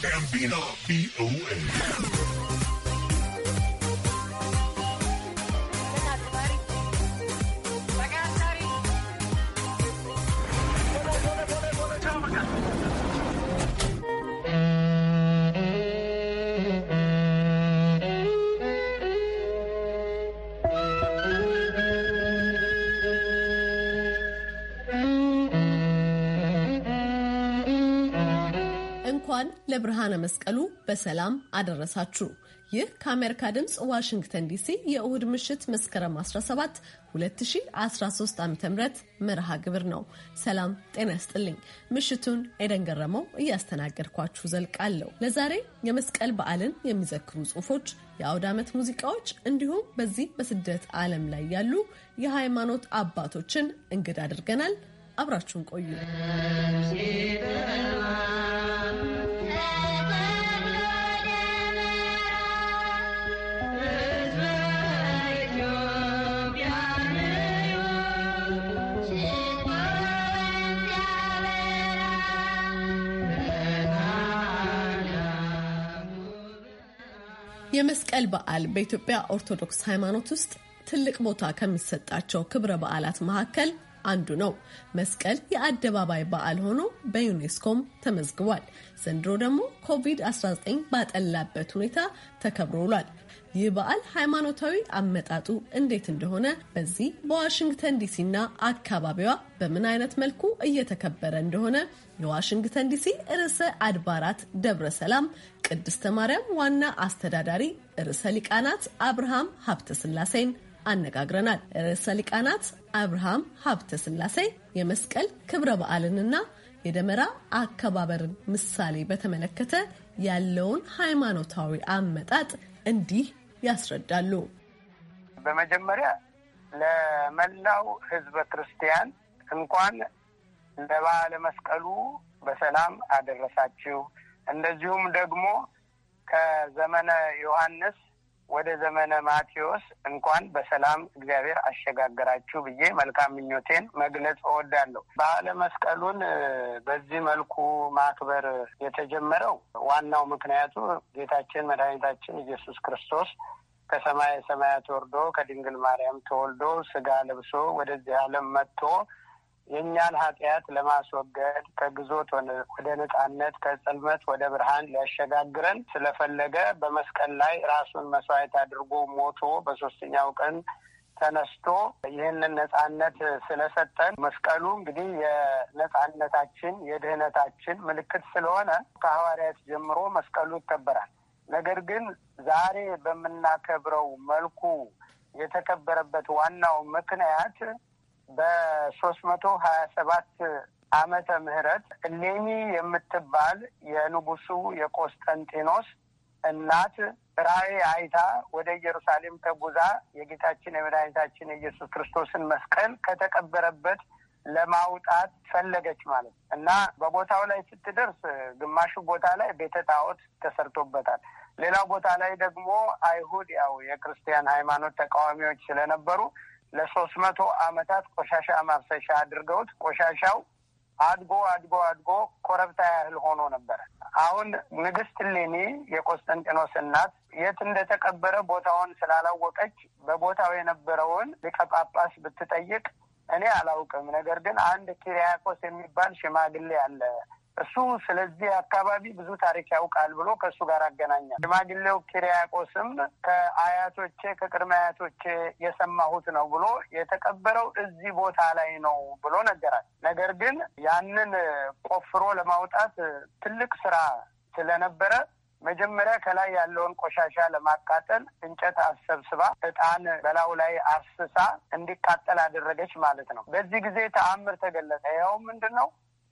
Gambino VOA. የብርሃነ መስቀሉ በሰላም አደረሳችሁ። ይህ ከአሜሪካ ድምፅ ዋሽንግተን ዲሲ የእሁድ ምሽት መስከረም 17 2013 ዓ ም መርሃ ግብር ነው። ሰላም ጤና ያስጥልኝ። ምሽቱን ኤደን ገረመው እያስተናገድኳችሁ ዘልቃለሁ። ለዛሬ የመስቀል በዓልን የሚዘክሩ ጽሑፎች፣ የአውድ ዓመት ሙዚቃዎች እንዲሁም በዚህ በስደት ዓለም ላይ ያሉ የሃይማኖት አባቶችን እንግድ አድርገናል። አብራችሁን ቆዩ። የመስቀል በዓል በኢትዮጵያ ኦርቶዶክስ ሃይማኖት ውስጥ ትልቅ ቦታ ከሚሰጣቸው ክብረ በዓላት መካከል አንዱ ነው። መስቀል የአደባባይ በዓል ሆኖ በዩኔስኮም ተመዝግቧል። ዘንድሮ ደግሞ ኮቪድ-19 ባጠላበት ሁኔታ ተከብሮ ውሏል። ይህ በዓል ሃይማኖታዊ አመጣጡ እንዴት እንደሆነ በዚህ በዋሽንግተን ዲሲና አካባቢዋ በምን አይነት መልኩ እየተከበረ እንደሆነ የዋሽንግተን ዲሲ ርዕሰ አድባራት ደብረ ሰላም ቅድስተ ማርያም ዋና አስተዳዳሪ ርዕሰ ሊቃናት አብርሃም ሀብተ ስላሴን አነጋግረናል። ርዕሰ ሊቃናት አብርሃም ሀብተ ስላሴ የመስቀል ክብረ በዓልንና የደመራ አከባበርን ምሳሌ በተመለከተ ያለውን ሃይማኖታዊ አመጣጥ እንዲህ ያስረዳሉ። በመጀመሪያ ለመላው ህዝበ ክርስቲያን እንኳን ለበዓለ መስቀሉ በሰላም አደረሳችሁ። እንደዚሁም ደግሞ ከዘመነ ዮሐንስ ወደ ዘመነ ማቴዎስ እንኳን በሰላም እግዚአብሔር አሸጋገራችሁ ብዬ መልካም ምኞቴን መግለጽ እወዳለሁ። በዓለ መስቀሉን በዚህ መልኩ ማክበር የተጀመረው ዋናው ምክንያቱ ጌታችን መድኃኒታችን ኢየሱስ ክርስቶስ ከሰማየ ሰማያት ወርዶ ከድንግል ማርያም ተወልዶ ስጋ ለብሶ ወደዚህ ዓለም መጥቶ የእኛን ኃጢአት ለማስወገድ ከግዞት ወደ ነጻነት ከጽልመት ወደ ብርሃን ሊያሸጋግረን ስለፈለገ በመስቀል ላይ ራሱን መስዋዕት አድርጎ ሞቶ በሶስተኛው ቀን ተነስቶ ይህንን ነጻነት ስለሰጠን መስቀሉ እንግዲህ የነጻነታችን የድህነታችን ምልክት ስለሆነ ከሐዋርያት ጀምሮ መስቀሉ ይከበራል። ነገር ግን ዛሬ በምናከብረው መልኩ የተከበረበት ዋናው ምክንያት በሶስት መቶ ሀያ ሰባት ምህረት እሌኒ የምትባል የንጉሱ የቆስጠንጢኖስ እናት ራእይ አይታ ወደ ኢየሩሳሌም ተጉዛ የጌታችን የመድኃኒታችን የኢየሱስ ክርስቶስን መስቀል ከተቀበረበት ለማውጣት ፈለገች ማለት ነው እና በቦታው ላይ ስትደርስ ግማሹ ቦታ ላይ ቤተ ጣዖት ተሰርቶበታል። ሌላው ቦታ ላይ ደግሞ አይሁድ ያው የክርስቲያን ሃይማኖት ተቃዋሚዎች ስለነበሩ ለሶስት መቶ አመታት ቆሻሻ ማብሰሻ አድርገውት ቆሻሻው አድጎ አድጎ አድጎ ኮረብታ ያህል ሆኖ ነበረ። አሁን ንግስት ሌኒ የቆስጠንጢኖስ እናት የት እንደተቀበረ ቦታውን ስላላወቀች በቦታው የነበረውን ሊቀ ጳጳስ ብትጠይቅ እኔ አላውቅም፣ ነገር ግን አንድ ኪሪያኮስ የሚባል ሽማግሌ አለ እሱ ስለዚህ አካባቢ ብዙ ታሪክ ያውቃል ብሎ ከእሱ ጋር አገናኛል። ሽማግሌው ኪሪያቆስም ከአያቶቼ ከቅድመ አያቶቼ የሰማሁት ነው ብሎ የተቀበረው እዚህ ቦታ ላይ ነው ብሎ ነገራል። ነገር ግን ያንን ቆፍሮ ለማውጣት ትልቅ ስራ ስለነበረ መጀመሪያ ከላይ ያለውን ቆሻሻ ለማቃጠል እንጨት አሰብስባ እጣን በላዩ ላይ አፍስሳ እንዲቃጠል አደረገች ማለት ነው። በዚህ ጊዜ ተአምር ተገለጠ። ይኸው ምንድን ነው?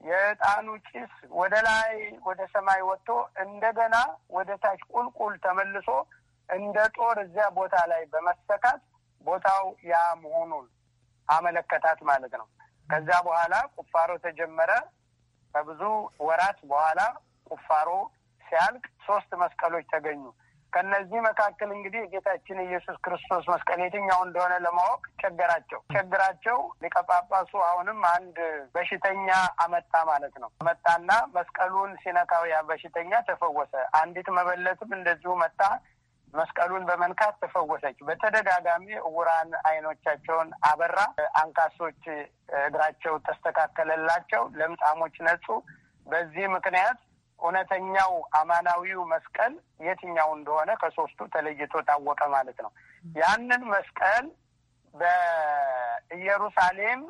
የዕጣኑ ጭስ ወደ ላይ ወደ ሰማይ ወጥቶ እንደገና ወደ ታች ቁልቁል ተመልሶ እንደ ጦር እዚያ ቦታ ላይ በመሰካት ቦታው ያ መሆኑን አመለከታት ማለት ነው። ከዛ በኋላ ቁፋሮ ተጀመረ። ከብዙ ወራት በኋላ ቁፋሮ ሲያልቅ ሶስት መስቀሎች ተገኙ። ከነዚህ መካከል እንግዲህ የጌታችን ኢየሱስ ክርስቶስ መስቀል የትኛው እንደሆነ ለማወቅ ቸገራቸው ቸገራቸው ሊቀ ጳጳሱ አሁንም አንድ በሽተኛ አመጣ ማለት ነው። መጣና መስቀሉን ሲነካው ያ በሽተኛ ተፈወሰ። አንዲት መበለትም እንደዚሁ መጣ መስቀሉን በመንካት ተፈወሰች። በተደጋጋሚ እውራን አይኖቻቸውን አበራ። አንካሶች እግራቸው ተስተካከለላቸው፣ ለምጻሞች ነጹ። በዚህ ምክንያት እውነተኛው አማናዊው መስቀል የትኛው እንደሆነ ከሶስቱ ተለይቶ ታወቀ ማለት ነው። ያንን መስቀል በኢየሩሳሌም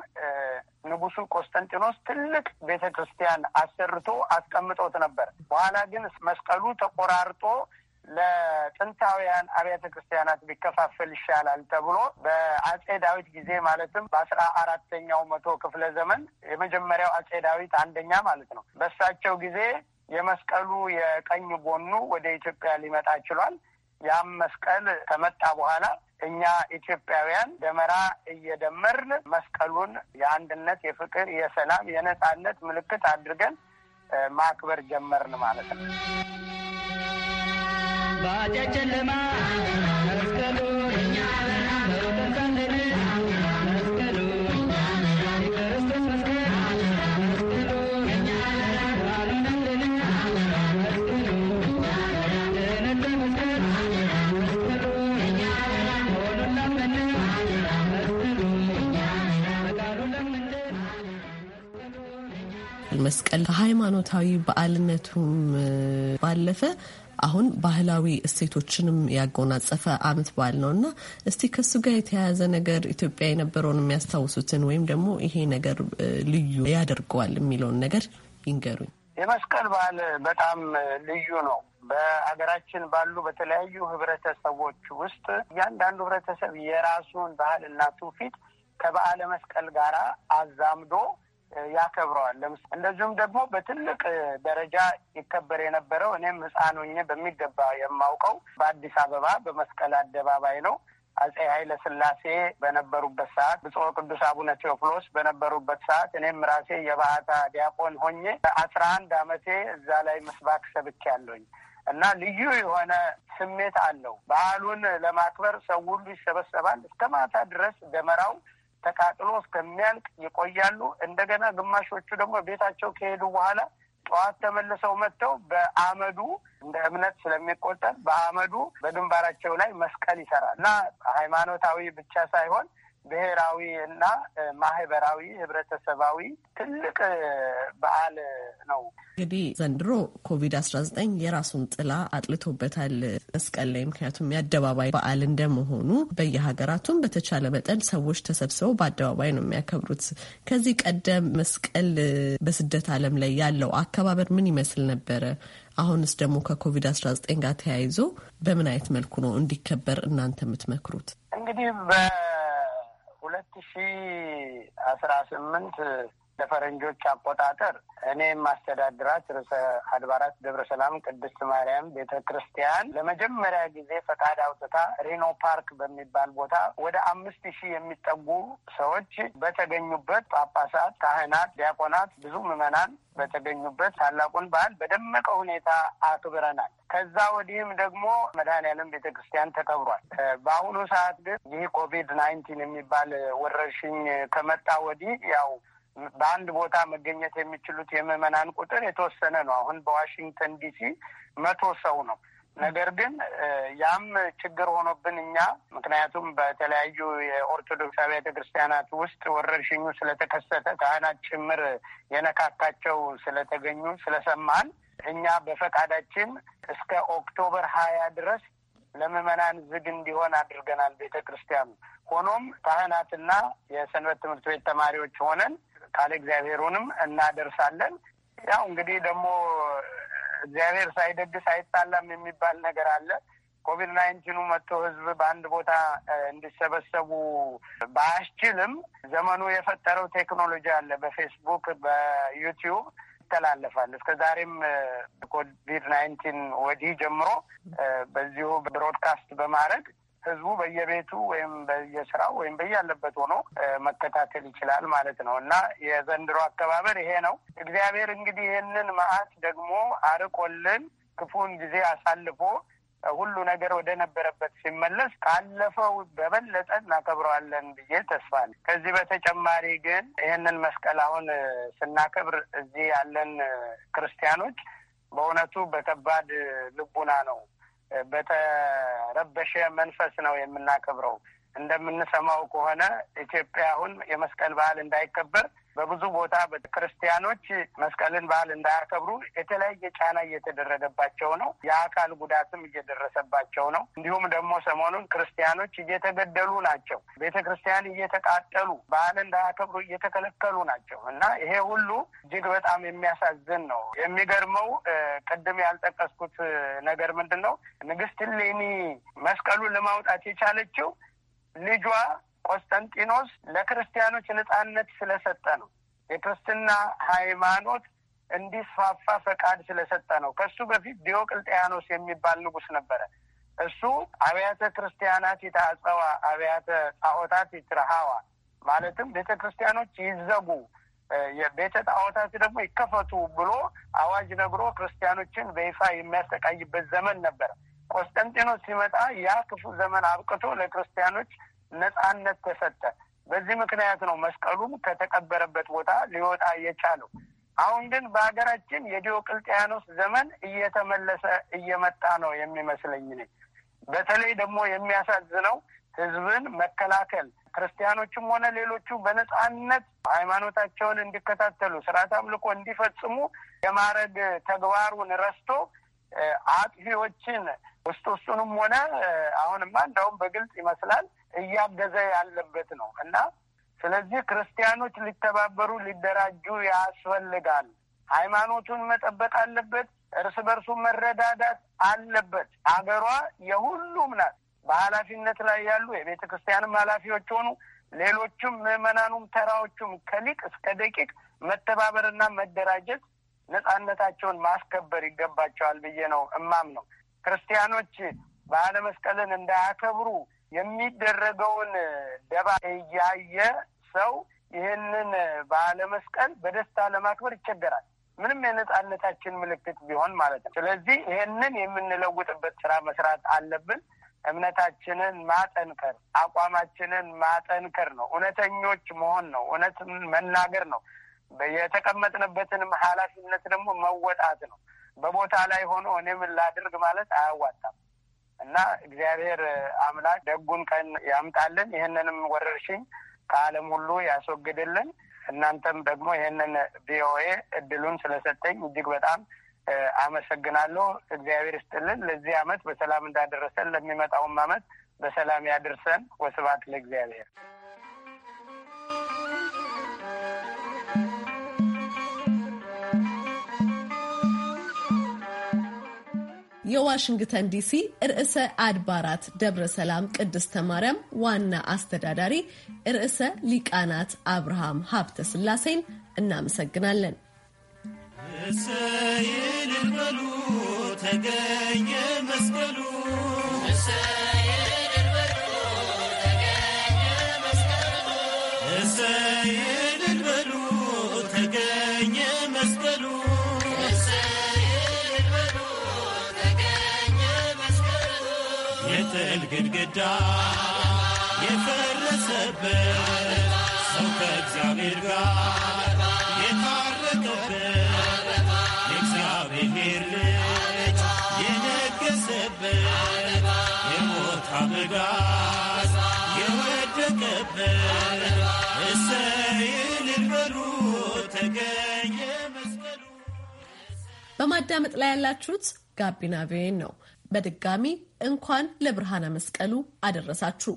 ንጉሱ ቆስጠንጢኖስ ትልቅ ቤተ ክርስቲያን አሰርቶ አስቀምጦት ነበር። በኋላ ግን መስቀሉ ተቆራርጦ ለጥንታውያን አብያተ ክርስቲያናት ቢከፋፈል ይሻላል ተብሎ በአጼ ዳዊት ጊዜ ማለትም በአስራ አራተኛው መቶ ክፍለ ዘመን የመጀመሪያው አጼ ዳዊት አንደኛ ማለት ነው በእሳቸው ጊዜ የመስቀሉ የቀኝ ጎኑ ወደ ኢትዮጵያ ሊመጣ ችሏል። ያም መስቀል ከመጣ በኋላ እኛ ኢትዮጵያውያን ደመራ እየደመርን መስቀሉን የአንድነት፣ የፍቅር፣ የሰላም፣ የነጻነት ምልክት አድርገን ማክበር ጀመርን ማለት ነው። ባጃችን ለማ መስቀሉ መስቀል ከሃይማኖታዊ በዓልነቱም ባለፈ አሁን ባህላዊ እሴቶችንም ያጎናጸፈ አመት በዓል ነው እና እስቲ ከሱ ጋር የተያያዘ ነገር ኢትዮጵያ የነበረውን የሚያስታውሱትን ወይም ደግሞ ይሄ ነገር ልዩ ያደርገዋል የሚለውን ነገር ይንገሩኝ። የመስቀል በዓል በጣም ልዩ ነው። በሀገራችን ባሉ በተለያዩ ህብረተሰቦች ውስጥ እያንዳንዱ ህብረተሰብ የራሱን ባህልና ትውፊት ከበዓለ መስቀል ጋር አዛምዶ ያከብረዋል። እንደዚሁም ደግሞ በትልቅ ደረጃ ይከበር የነበረው እኔም ሕፃን ሆኜ በሚገባ የማውቀው በአዲስ አበባ በመስቀል አደባባይ ነው። አጼ ኃይለ ሥላሴ በነበሩበት ሰዓት ብፁዕ ቅዱስ አቡነ ቴዎፍሎስ በነበሩበት ሰዓት እኔም ራሴ የባህታ ዲያቆን ሆኜ አስራ አንድ አመቴ እዛ ላይ ምስባክ ያለኝ እና ልዩ የሆነ ስሜት አለው። በዓሉን ለማክበር ሰው ሁሉ ይሰበሰባል። እስከ ማታ ድረስ ደመራው ተቃጥሎ እስከሚያልቅ ይቆያሉ። እንደገና ግማሾቹ ደግሞ ቤታቸው ከሄዱ በኋላ ጠዋት ተመልሰው መጥተው በአመዱ እንደ እምነት ስለሚቆጠር በአመዱ በግንባራቸው ላይ መስቀል ይሰራል እና ሃይማኖታዊ ብቻ ሳይሆን ብሔራዊ እና ማህበራዊ ህብረተሰባዊ ትልቅ በዓል ነው። እንግዲህ ዘንድሮ ኮቪድ አስራ ዘጠኝ የራሱን ጥላ አጥልቶበታል መስቀል ላይ። ምክንያቱም የአደባባይ በዓል እንደመሆኑ በየሀገራቱም በተቻለ መጠን ሰዎች ተሰብስበው በአደባባይ ነው የሚያከብሩት። ከዚህ ቀደም መስቀል በስደት ዓለም ላይ ያለው አከባበር ምን ይመስል ነበረ? አሁንስ ደግሞ ከኮቪድ-19 ጋር ተያይዞ በምን አይነት መልኩ ነው እንዲከበር እናንተ የምትመክሩት? እንግዲህ ሁለት ሺ አስራ ስምንት ለፈረንጆች አቆጣጠር እኔ ማስተዳድራት ርዕሰ አድባራት ደብረ ሰላም ቅድስት ማርያም ቤተ ክርስቲያን ለመጀመሪያ ጊዜ ፈቃድ አውጥታ ሪኖ ፓርክ በሚባል ቦታ ወደ አምስት ሺህ የሚጠጉ ሰዎች በተገኙበት ጳጳሳት፣ ካህናት፣ ዲያቆናት፣ ብዙ ምዕመናን በተገኙበት ታላቁን በዓል በደመቀ ሁኔታ አክብረናል። ከዛ ወዲህም ደግሞ መድኃኔዓለም ቤተ ክርስቲያን ተከብሯል። በአሁኑ ሰዓት ግን ይህ ኮቪድ ናይንቲን የሚባል ወረርሽኝ ከመጣ ወዲህ ያው በአንድ ቦታ መገኘት የሚችሉት የምዕመናን ቁጥር የተወሰነ ነው። አሁን በዋሽንግተን ዲሲ መቶ ሰው ነው። ነገር ግን ያም ችግር ሆኖብን እኛ ምክንያቱም በተለያዩ የኦርቶዶክስ አብያተ ክርስቲያናት ውስጥ ወረርሽኙ ስለተከሰተ ካህናት ጭምር የነካካቸው ስለተገኙ ስለሰማን እኛ በፈቃዳችን እስከ ኦክቶበር ሀያ ድረስ ለምዕመናን ዝግ እንዲሆን አድርገናል ቤተ ክርስቲያኑ። ሆኖም ካህናትና የሰንበት ትምህርት ቤት ተማሪዎች ሆነን ካለ እግዚአብሔሩንም እናደርሳለን። ያው እንግዲህ ደግሞ እግዚአብሔር ሳይደግስ አይጣላም የሚባል ነገር አለ። ኮቪድ ናይንቲኑ መጥቶ ህዝብ በአንድ ቦታ እንዲሰበሰቡ ባያስችልም ዘመኑ የፈጠረው ቴክኖሎጂ አለ። በፌስቡክ፣ በዩቲዩብ ይተላለፋል። እስከ ዛሬም ኮቪድ ናይንቲን ወዲህ ጀምሮ በዚሁ ብሮድካስት በማድረግ ህዝቡ በየቤቱ ወይም በየስራው ወይም በያለበት ሆኖ መከታተል ይችላል ማለት ነው እና የዘንድሮ አከባበር ይሄ ነው። እግዚአብሔር እንግዲህ ይህንን መዓት ደግሞ አርቆልን ክፉን ጊዜ አሳልፎ ሁሉ ነገር ወደ ነበረበት ሲመለስ ካለፈው በበለጠ እናከብረዋለን ብዬ ተስፋ ነው። ከዚህ በተጨማሪ ግን ይህንን መስቀል አሁን ስናከብር እዚህ ያለን ክርስቲያኖች በእውነቱ በከባድ ልቡና ነው፣ በተረበሸ መንፈስ ነው የምናከብረው። እንደምንሰማው ከሆነ ኢትዮጵያ አሁን የመስቀል በዓል እንዳይከበር በብዙ ቦታ ክርስቲያኖች መስቀልን በዓል እንዳያከብሩ የተለያየ ጫና እየተደረገባቸው ነው። የአካል ጉዳትም እየደረሰባቸው ነው። እንዲሁም ደግሞ ሰሞኑን ክርስቲያኖች እየተገደሉ ናቸው። ቤተ ክርስቲያን እየተቃጠሉ በዓል እንዳያከብሩ እየተከለከሉ ናቸው እና ይሄ ሁሉ እጅግ በጣም የሚያሳዝን ነው። የሚገርመው ቅድም ያልጠቀስኩት ነገር ምንድን ነው ንግስት ሌኒ መስቀሉን ለማውጣት የቻለችው ልጇ ቆስጠንጢኖስ ለክርስቲያኖች ነጻነት ስለሰጠ ነው። የክርስትና ሃይማኖት እንዲስፋፋ ፈቃድ ስለሰጠ ነው። ከሱ በፊት ዲዮቅልጥያኖስ የሚባል ንጉስ ነበረ። እሱ አብያተ ክርስቲያናት ይታጸዋ አብያተ ጣዖታት ይትረሃዋ ማለትም ቤተ ክርስቲያኖች ይዘጉ የቤተ ጣዖታት ደግሞ ይከፈቱ ብሎ አዋጅ ነግሮ ክርስቲያኖችን በይፋ የሚያሰቃይበት ዘመን ነበረ። ቆስጠንጢኖስ ሲመጣ ያ ክፉ ዘመን አብቅቶ ለክርስቲያኖች ነጻነት ተሰጠ። በዚህ ምክንያት ነው መስቀሉም ከተቀበረበት ቦታ ሊወጣ የቻለው። አሁን ግን በሀገራችን የዲዮቅልጥያኖስ ዘመን እየተመለሰ እየመጣ ነው የሚመስለኝ ነኝ። በተለይ ደግሞ የሚያሳዝነው ህዝብን መከላከል ክርስቲያኖችም ሆነ ሌሎቹ በነጻነት ሃይማኖታቸውን እንዲከታተሉ ስርዓት አምልኮ እንዲፈጽሙ የማረግ ተግባሩን ረስቶ አጥፊዎችን ውስጥ ውስጡንም ሆነ አሁንማ እንደውም በግልጽ ይመስላል እያገዘ ያለበት ነው እና ስለዚህ ክርስቲያኖች ሊተባበሩ ሊደራጁ ያስፈልጋል። ሃይማኖቱን መጠበቅ አለበት። እርስ በርሱ መረዳዳት አለበት። አገሯ የሁሉም ናት። በኃላፊነት ላይ ያሉ የቤተ ክርስቲያንም ኃላፊዎች ሆኑ ሌሎችም ምዕመናኑም ተራዎቹም ከሊቅ እስከ ደቂቅ መተባበርና መደራጀት ነጻነታቸውን ማስከበር ይገባቸዋል ብዬ ነው እማም ነው። ክርስቲያኖች በዓለ መስቀልን እንዳያከብሩ የሚደረገውን ደባ እያየ ሰው ይህንን በዓለ መስቀል በደስታ ለማክበር ይቸገራል። ምንም የነጻነታችን ምልክት ቢሆን ማለት ነው። ስለዚህ ይህንን የምንለውጥበት ስራ መስራት አለብን። እምነታችንን ማጠንከር፣ አቋማችንን ማጠንከር ነው። እውነተኞች መሆን ነው። እውነት መናገር ነው። የተቀመጥንበትንም ኃላፊነት ደግሞ መወጣት ነው። በቦታ ላይ ሆኖ እኔ ምን ላድርግ ማለት አያዋጣም እና እግዚአብሔር አምላክ ደጉን ቀን ያምጣልን፣ ይህንንም ወረርሽኝ ከዓለም ሁሉ ያስወግድልን። እናንተም ደግሞ ይህንን ቪኦኤ እድሉን ስለሰጠኝ እጅግ በጣም አመሰግናለሁ። እግዚአብሔር ይስጥልን። ለዚህ አመት በሰላም እንዳደረሰን ለሚመጣውም አመት በሰላም ያደርሰን። ወስብሐት ለእግዚአብሔር። የዋሽንግተን ዲሲ ርዕሰ አድባራት ደብረ ሰላም ቅድስተ ማርያም ዋና አስተዳዳሪ ርዕሰ ሊቃናት አብርሃም ሀብተ ስላሴን እናመሰግናለን። ተገኘ መስቀሉ እሰይ ግድግዳ የፈረሰበት ሰው ከእግዚአብሔር ጋር የታረቀበት የእግዚአብሔር ልጅ የነገሰበት የሞት አበጋዝ የወደቀበት እሰይ ልበሉ ተገኘ መስቀሉ። በማዳመጥ ላይ ያላችሁት ጋቢና ቪኦኤ ነው። በድጋሚ እንኳን ለብርሃነ መስቀሉ አደረሳችሁ።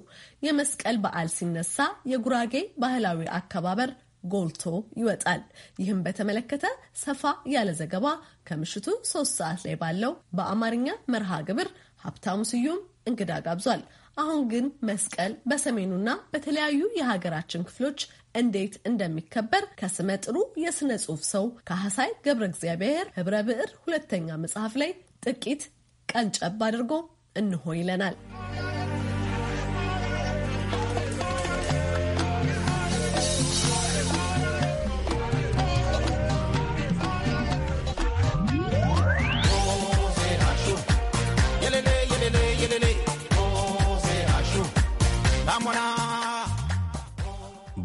የመስቀል በዓል ሲነሳ የጉራጌ ባህላዊ አከባበር ጎልቶ ይወጣል። ይህም በተመለከተ ሰፋ ያለ ዘገባ ከምሽቱ ሶስት ሰዓት ላይ ባለው በአማርኛ መርሃ ግብር ሀብታሙ ስዩም እንግዳ ጋብዟል። አሁን ግን መስቀል በሰሜኑና በተለያዩ የሀገራችን ክፍሎች እንዴት እንደሚከበር ከስመጥሩ የሥነ ጽሑፍ ሰው ከሐሳይ ገብረ እግዚአብሔር ኅብረ ብዕር ሁለተኛ መጽሐፍ ላይ ጥቂት ቀንጨብ አድርጎ እንሆ ይለናል።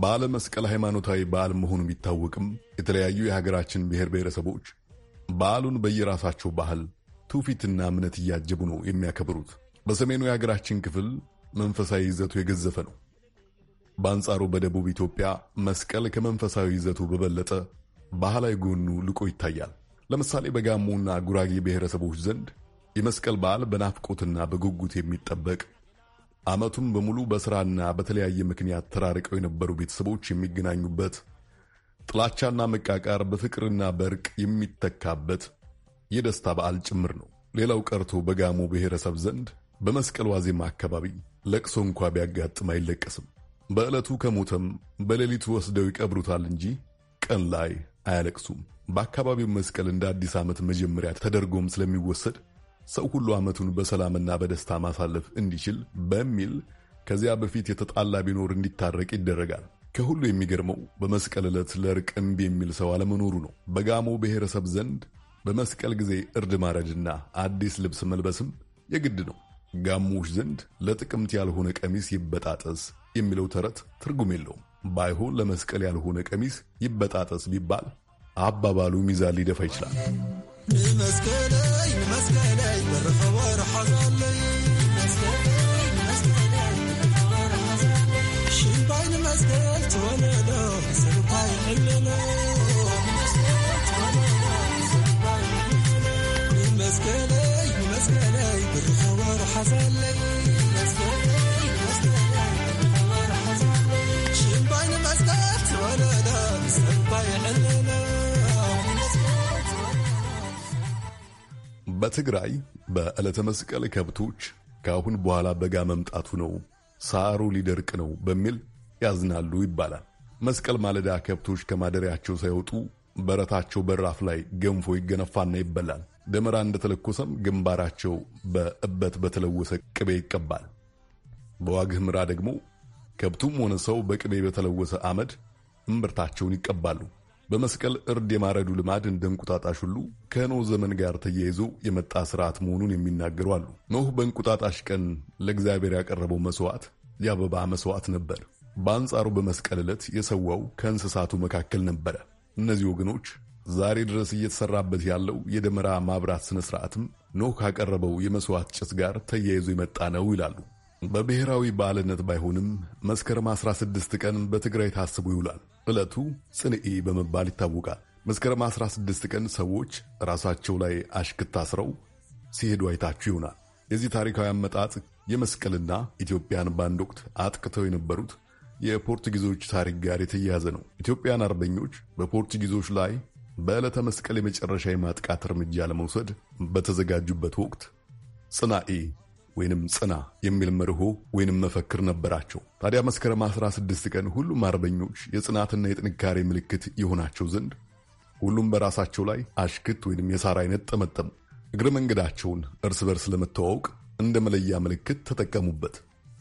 በዓለ መስቀል ሃይማኖታዊ በዓል መሆኑ ቢታወቅም የተለያዩ የሀገራችን ብሔር ብሔረሰቦች በዓሉን በየራሳቸው ባህል ትውፊትና እምነት እያጀቡ ነው የሚያከብሩት። በሰሜኑ የሀገራችን ክፍል መንፈሳዊ ይዘቱ የገዘፈ ነው። በአንጻሩ በደቡብ ኢትዮጵያ መስቀል ከመንፈሳዊ ይዘቱ በበለጠ ባህላዊ ጎኑ ልቆ ይታያል። ለምሳሌ በጋሞና ጉራጌ ብሔረሰቦች ዘንድ የመስቀል በዓል በናፍቆትና በጉጉት የሚጠበቅ ዓመቱን በሙሉ በሥራና በተለያየ ምክንያት ተራርቀው የነበሩ ቤተሰቦች የሚገናኙበት ጥላቻና መቃቃር በፍቅርና በእርቅ የሚተካበት የደስታ በዓል ጭምር ነው። ሌላው ቀርቶ በጋሞ ብሔረሰብ ዘንድ በመስቀል ዋዜማ አካባቢ ለቅሶ እንኳ ቢያጋጥም አይለቀስም። በዕለቱ ከሞተም በሌሊቱ ወስደው ይቀብሩታል እንጂ ቀን ላይ አያለቅሱም። በአካባቢው መስቀል እንደ አዲስ ዓመት መጀመሪያ ተደርጎም ስለሚወሰድ ሰው ሁሉ ዓመቱን በሰላምና በደስታ ማሳለፍ እንዲችል በሚል ከዚያ በፊት የተጣላ ቢኖር እንዲታረቅ ይደረጋል። ከሁሉ የሚገርመው በመስቀል ዕለት ለእርቅ እምቢ የሚል ሰው አለመኖሩ ነው። በጋሞ ብሔረሰብ ዘንድ በመስቀል ጊዜ እርድ ማረድና አዲስ ልብስ መልበስም የግድ ነው። ጋሞዎች ዘንድ ለጥቅምት ያልሆነ ቀሚስ ይበጣጠስ የሚለው ተረት ትርጉም የለውም። ባይሆን ለመስቀል ያልሆነ ቀሚስ ይበጣጠስ ቢባል አባባሉ ሚዛን ሊደፋ ይችላል። በትግራይ በዕለተ መስቀል ከብቶች ከአሁን በኋላ በጋ መምጣቱ ነው፣ ሳሩ ሊደርቅ ነው በሚል ያዝናሉ ይባላል። መስቀል ማለዳ ከብቶች ከማደሪያቸው ሳይወጡ በረታቸው በራፍ ላይ ገንፎ ይገነፋና ይበላል። ደመራ እንደተለኮሰም ግንባራቸው በእበት በተለወሰ ቅቤ ይቀባል። በዋግህ ምራ ደግሞ ከብቱም ሆነ ሰው በቅቤ በተለወሰ አመድ እምብርታቸውን ይቀባሉ። በመስቀል እርድ የማረዱ ልማድ እንደ እንቁጣጣሽ ሁሉ ከኖህ ዘመን ጋር ተያይዞ የመጣ ስርዓት መሆኑን የሚናገሩ አሉ። ኖህ በእንቁጣጣሽ ቀን ለእግዚአብሔር ያቀረበው መስዋዕት የአበባ መስዋዕት ነበር። በአንጻሩ በመስቀል ዕለት የሰዋው ከእንስሳቱ መካከል ነበረ። እነዚህ ወገኖች ዛሬ ድረስ እየተሰራበት ያለው የደመራ ማብራት ስነ ሥርዓትም ኖህ ካቀረበው የመስዋዕት ጭስ ጋር ተያይዞ የመጣ ነው ይላሉ። በብሔራዊ በዓልነት ባይሆንም መስከረም 16 ቀን በትግራይ ታስቦ ይውላል። ዕለቱ ጽንኤ በመባል ይታወቃል። መስከረም 16 ቀን ሰዎች ራሳቸው ላይ አሽክት ታስረው ሲሄዱ አይታችሁ ይሆናል። የዚህ ታሪካዊ አመጣጥ የመስቀልና ኢትዮጵያን በአንድ ወቅት አጥቅተው የነበሩት የፖርቱጊዞች ታሪክ ጋር የተያያዘ ነው። ኢትዮጵያን አርበኞች በፖርቱጊዞች ላይ በዕለተ መስቀል የመጨረሻ የማጥቃት እርምጃ ለመውሰድ በተዘጋጁበት ወቅት ጽናኤ ወይንም ጽና የሚል መርሆ ወይንም መፈክር ነበራቸው። ታዲያ መስከረም 16 ቀን ሁሉም አርበኞች የጽናትና የጥንካሬ ምልክት የሆናቸው ዘንድ ሁሉም በራሳቸው ላይ አሽክት ወይንም የሳር አይነት ጠመጠሙ። እግረ መንገዳቸውን እርስ በርስ ለመተዋወቅ እንደ መለያ ምልክት ተጠቀሙበት።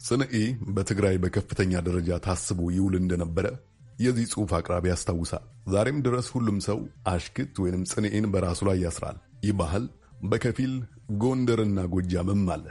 ጽንኤ በትግራይ በከፍተኛ ደረጃ ታስቦ ይውል እንደነበረ የዚህ ጽሑፍ አቅራቢ ያስታውሳል። ዛሬም ድረስ ሁሉም ሰው አሽክት ወይንም ጽንኤን በራሱ ላይ ያስራል። ይህ ባህል በከፊል ጎንደርና ጎጃምም አለ።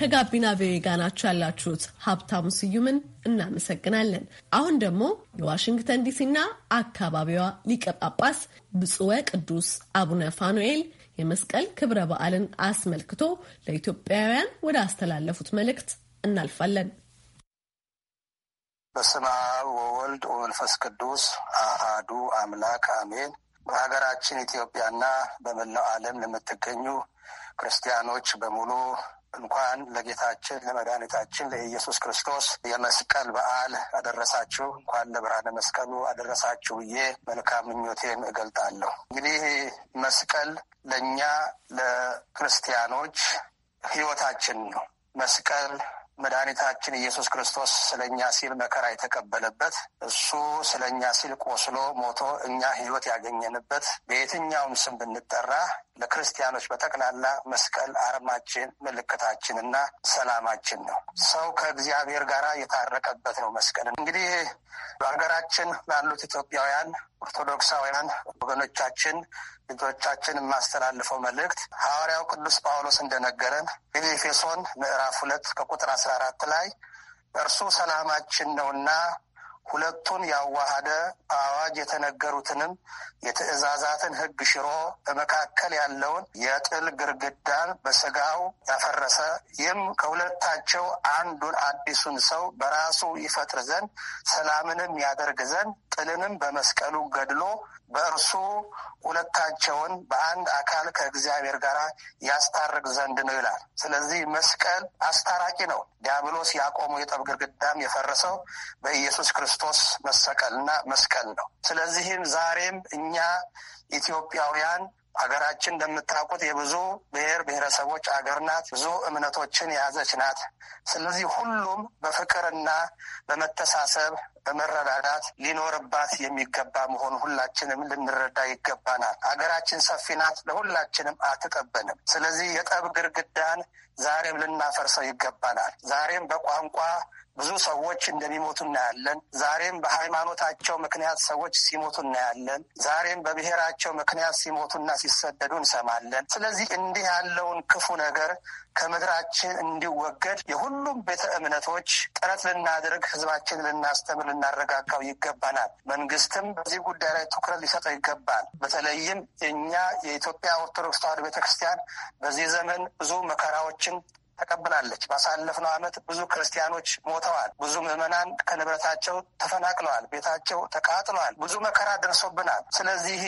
ከጋቢና ቪኦኤ ጋር ናችሁ ያላችሁት። ሀብታሙ ስዩምን እናመሰግናለን። አሁን ደግሞ የዋሽንግተን ዲሲና አካባቢዋ ሊቀ ጳጳስ ብፁዕ ቅዱስ አቡነ ፋኑኤል የመስቀል ክብረ በዓልን አስመልክቶ ለኢትዮጵያውያን ወደ አስተላለፉት መልእክት እናልፋለን። በስመ አብ ወወልድ ወመንፈስ ቅዱስ አሃዱ አምላክ አሜን። በሀገራችን ኢትዮጵያና በመላው ዓለም ለምትገኙ ክርስቲያኖች በሙሉ እንኳን ለጌታችን ለመድኃኒታችን ለኢየሱስ ክርስቶስ የመስቀል በዓል አደረሳችሁ፣ እንኳን ለብርሃነ መስቀሉ አደረሳችሁ ብዬ መልካም ምኞቴን እገልጣለሁ። እንግዲህ መስቀል ለእኛ ለክርስቲያኖች ሕይወታችን ነው። መስቀል መድኃኒታችን ኢየሱስ ክርስቶስ ስለኛ ሲል መከራ የተቀበለበት እሱ ስለኛ ሲል ቆስሎ ሞቶ እኛ ሕይወት ያገኘንበት በየትኛውም ስም ብንጠራ ለክርስቲያኖች በጠቅላላ መስቀል አርማችን፣ ምልክታችን እና ሰላማችን ነው። ሰው ከእግዚአብሔር ጋር የታረቀበት ነው መስቀል። እንግዲህ በሀገራችን ላሉት ኢትዮጵያውያን ኦርቶዶክሳውያን ወገኖቻችን ልጆቻችን የማስተላልፈው መልእክት ሐዋርያው ቅዱስ ጳውሎስ እንደነገረን የኤፌሶን ምዕራፍ ሁለት ከቁጥር አስራ አራት ላይ እርሱ ሰላማችን ነውና ሁለቱን ያዋሃደ በአዋጅ የተነገሩትንም የትዕዛዛትን ሕግ ሽሮ በመካከል ያለውን የጥል ግርግዳን በስጋው ያፈረሰ ይህም ከሁለታቸው አንዱን አዲሱን ሰው በራሱ ይፈጥር ዘንድ ሰላምንም ያደርግ ዘንድ ጥልንም በመስቀሉ ገድሎ በእርሱ ሁለታቸውን በአንድ አካል ከእግዚአብሔር ጋር ያስታርቅ ዘንድ ነው ይላል። ስለዚህ መስቀል አስታራቂ ነው። ዲያብሎስ ያቆመው የጠብ ግድግዳም የፈረሰው በኢየሱስ ክርስቶስ መሰቀልና መስቀል ነው። ስለዚህም ዛሬም እኛ ኢትዮጵያውያን ሀገራችን እንደምታውቁት የብዙ ብሔር ብሔረሰቦች ሀገር ናት። ብዙ እምነቶችን የያዘች ናት። ስለዚህ ሁሉም በፍቅርና በመተሳሰብ በመረዳዳት ሊኖርባት የሚገባ መሆኑ ሁላችንም ልንረዳ ይገባናል። ሀገራችን ሰፊ ናት፣ ለሁላችንም አትጠበንም። ስለዚህ የጠብ ግድግዳን ዛሬም ልናፈርሰው ይገባናል። ዛሬም በቋንቋ ብዙ ሰዎች እንደሚሞቱ እናያለን። ዛሬም በሃይማኖታቸው ምክንያት ሰዎች ሲሞቱ እናያለን። ዛሬም በብሔራቸው ምክንያት ሲሞቱና ሲሰደዱ እንሰማለን። ስለዚህ እንዲህ ያለውን ክፉ ነገር ከምድራችን እንዲወገድ የሁሉም ቤተ እምነቶች ጥረት ልናደርግ፣ ህዝባችን ልናስተምር፣ ልናረጋጋው ይገባናል። መንግስትም በዚህ ጉዳይ ላይ ትኩረት ሊሰጠው ይገባል። በተለይም እኛ የኢትዮጵያ ኦርቶዶክስ ተዋሕዶ ቤተክርስቲያን በዚህ ዘመን ብዙ መከራዎችን ተቀብላለች። ባሳለፍነው ዓመት ብዙ ክርስቲያኖች ሞተዋል። ብዙ ምዕመናን ከንብረታቸው ተፈናቅለዋል። ቤታቸው ተቃጥለዋል። ብዙ መከራ ደርሶብናል። ስለዚህ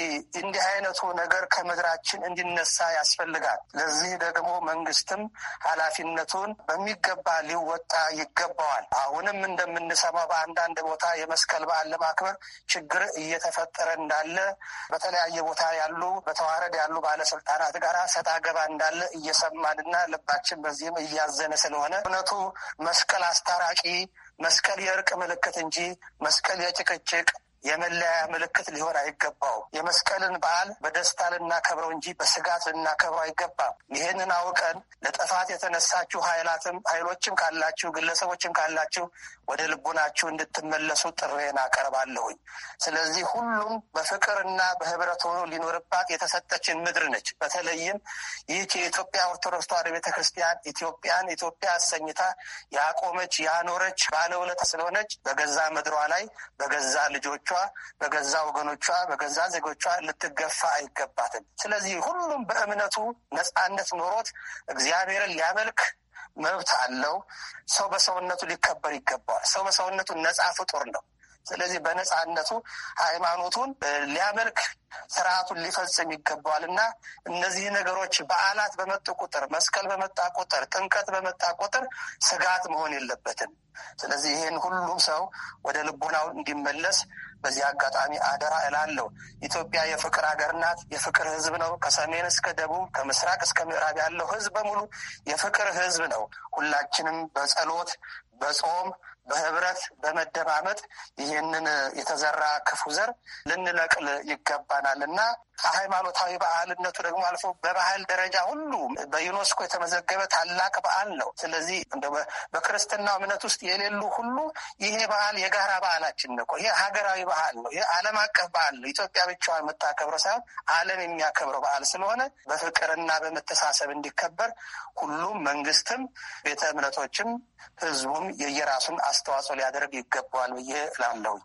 እንዲህ አይነቱ ነገር ከምድራችን እንዲነሳ ያስፈልጋል። ለዚህ ደግሞ መንግስትም ኃላፊነቱን በሚገባ ሊወጣ ይገባዋል። አሁንም እንደምንሰማው በአንዳንድ ቦታ የመስቀል በዓል ለማክበር ችግር እየተፈጠረ እንዳለ በተለያየ ቦታ ያሉ በተዋረድ ያሉ ባለስልጣናት ጋር ሰጣ ገባ እንዳለ እየሰማንና ልባችን በዚህም እያዘነ ስለሆነ እውነቱ መስቀል አስታራቂ መስቀል የእርቅ ምልክት እንጂ መስቀል የጭቅጭቅ የመለያ ምልክት ሊሆን አይገባውም። የመስቀልን በዓል በደስታ ልናከብረው እንጂ በስጋት ልናከብረው አይገባም። ይህንን አውቀን ለጥፋት የተነሳችሁ ኃይላትም ኃይሎችም ካላችሁ ግለሰቦችም ካላችሁ ወደ ልቡናችሁ እንድትመለሱ ጥሬን አቀርባለሁኝ። ስለዚህ ሁሉም በፍቅርና በህብረት ሆኖ ሊኖርባት የተሰጠችን ምድር ነች። በተለይም ይህች የኢትዮጵያ ኦርቶዶክስ ተዋሕዶ ቤተክርስቲያን ኢትዮጵያን ኢትዮጵያ አሰኝታ ያቆመች ያኖረች ባለውለታ ስለሆነች በገዛ ምድሯ ላይ በገዛ ልጆቿ በገዛ ወገኖቿ፣ በገዛ ዜጎቿ ልትገፋ አይገባትም። ስለዚህ ሁሉም በእምነቱ ነፃነት ኖሮት እግዚአብሔርን ሊያመልክ መብት አለው። ሰው በሰውነቱ ሊከበር ይገባዋል። ሰው በሰውነቱ ነፃ ፍጡር ነው። ስለዚህ በነፃነቱ ሃይማኖቱን ሊያመልክ ስርዓቱን ሊፈጽም ይገባዋል እና እነዚህ ነገሮች በዓላት በመጡ ቁጥር፣ መስቀል በመጣ ቁጥር፣ ጥምቀት በመጣ ቁጥር ስጋት መሆን የለበትም። ስለዚህ ይህን ሁሉም ሰው ወደ ልቦናው እንዲመለስ በዚህ አጋጣሚ አደራ እላለሁ። ኢትዮጵያ የፍቅር ሀገር ናት። የፍቅር ህዝብ ነው። ከሰሜን እስከ ደቡብ፣ ከምስራቅ እስከ ምዕራብ ያለው ህዝብ በሙሉ የፍቅር ህዝብ ነው። ሁላችንም በጸሎት በጾም በህብረት በመደማመጥ ይህንን የተዘራ ክፉ ዘር ልንለቅል ይገባናል እና ከሃይማኖታዊ በዓልነቱ ደግሞ አልፎ በባህል ደረጃ ሁሉ በዩኔስኮ የተመዘገበ ታላቅ በዓል ነው። ስለዚህ እንደ በክርስትና እምነት ውስጥ የሌሉ ሁሉ ይሄ በዓል የጋራ በዓላችን ነው። ይሄ ሀገራዊ በዓል ነው። ይሄ ዓለም አቀፍ በዓል ነው። ኢትዮጵያ ብቻዋን የምታከብረው ሳይሆን ዓለም የሚያከብረው በዓል ስለሆነ በፍቅርና በመተሳሰብ እንዲከበር ሁሉም መንግስትም፣ ቤተ እምነቶችም፣ ህዝቡም የየራሱን አስተዋጽኦ ሊያደርግ ይገባዋል ብዬ እላለሁኝ።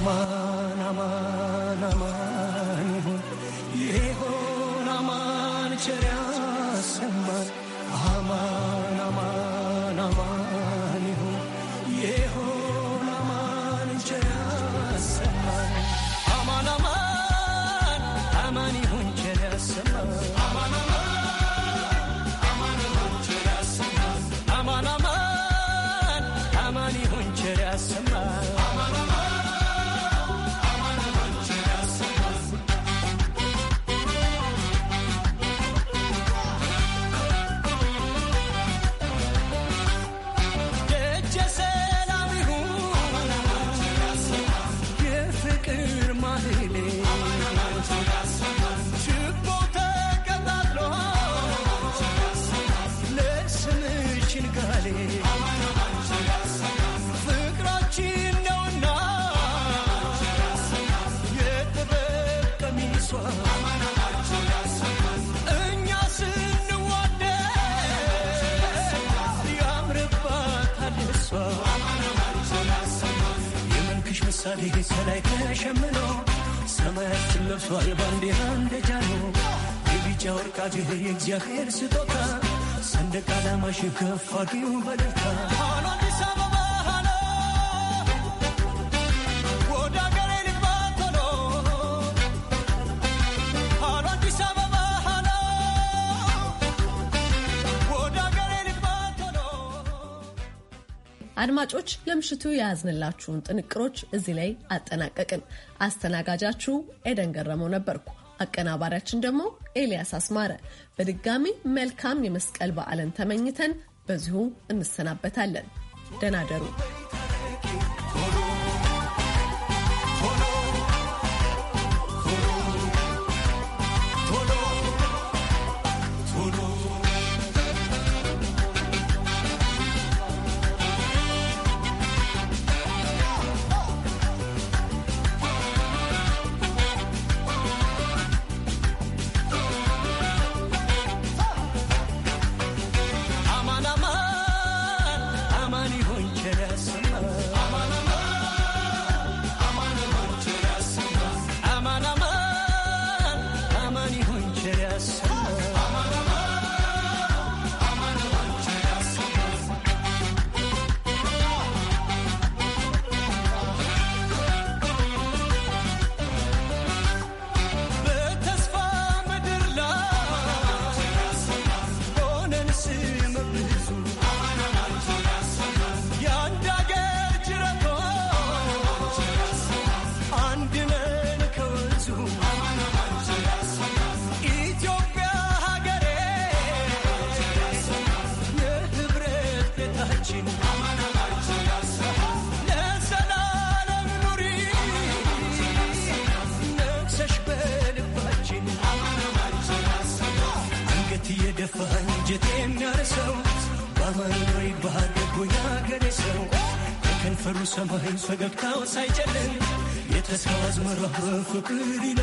ama. ቷል ባንዲራ እንደ ጃኖ የቢጫ ወርቃትህ የእግዚአብሔር ስጦታ ሰንደቅ ዓላማሽ ከፍ አድርጊው በደስታ አድማጮች ለምሽቱ የያዝንላችሁን ጥንቅሮች እዚህ ላይ አጠናቀቅን። አስተናጋጃችሁ ኤደን ገረመው ነበርኩ። አቀናባሪያችን ደግሞ ኤልያስ አስማረ። በድጋሚ መልካም የመስቀል በዓልን ተመኝተን በዚሁ እንሰናበታለን። ደናደሩ ሳይጨልም የተሳዝመራ ፍቅር